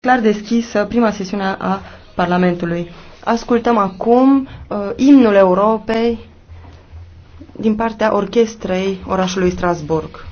clar deschisă prima sesiune a Parlamentului. Ascultăm acum uh, imnul Europei din partea orchestrei orașului Strasburg.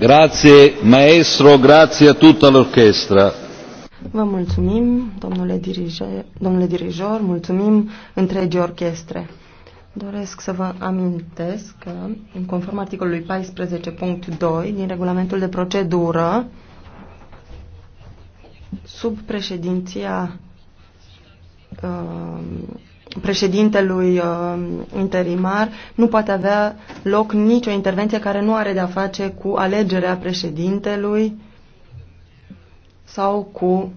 Grazie maestro, grazie a tutta l'orchestra. Vă mulțumim, domnule, dirige, domnule dirijor, mulțumim întregii orchestre. Doresc să vă amintesc că, în conform articolului 14.2 din regulamentul de procedură, sub președinția uh, președintelui uh, interimar, nu poate avea loc nicio intervenție care nu are de-a face cu alegerea președintelui sau cu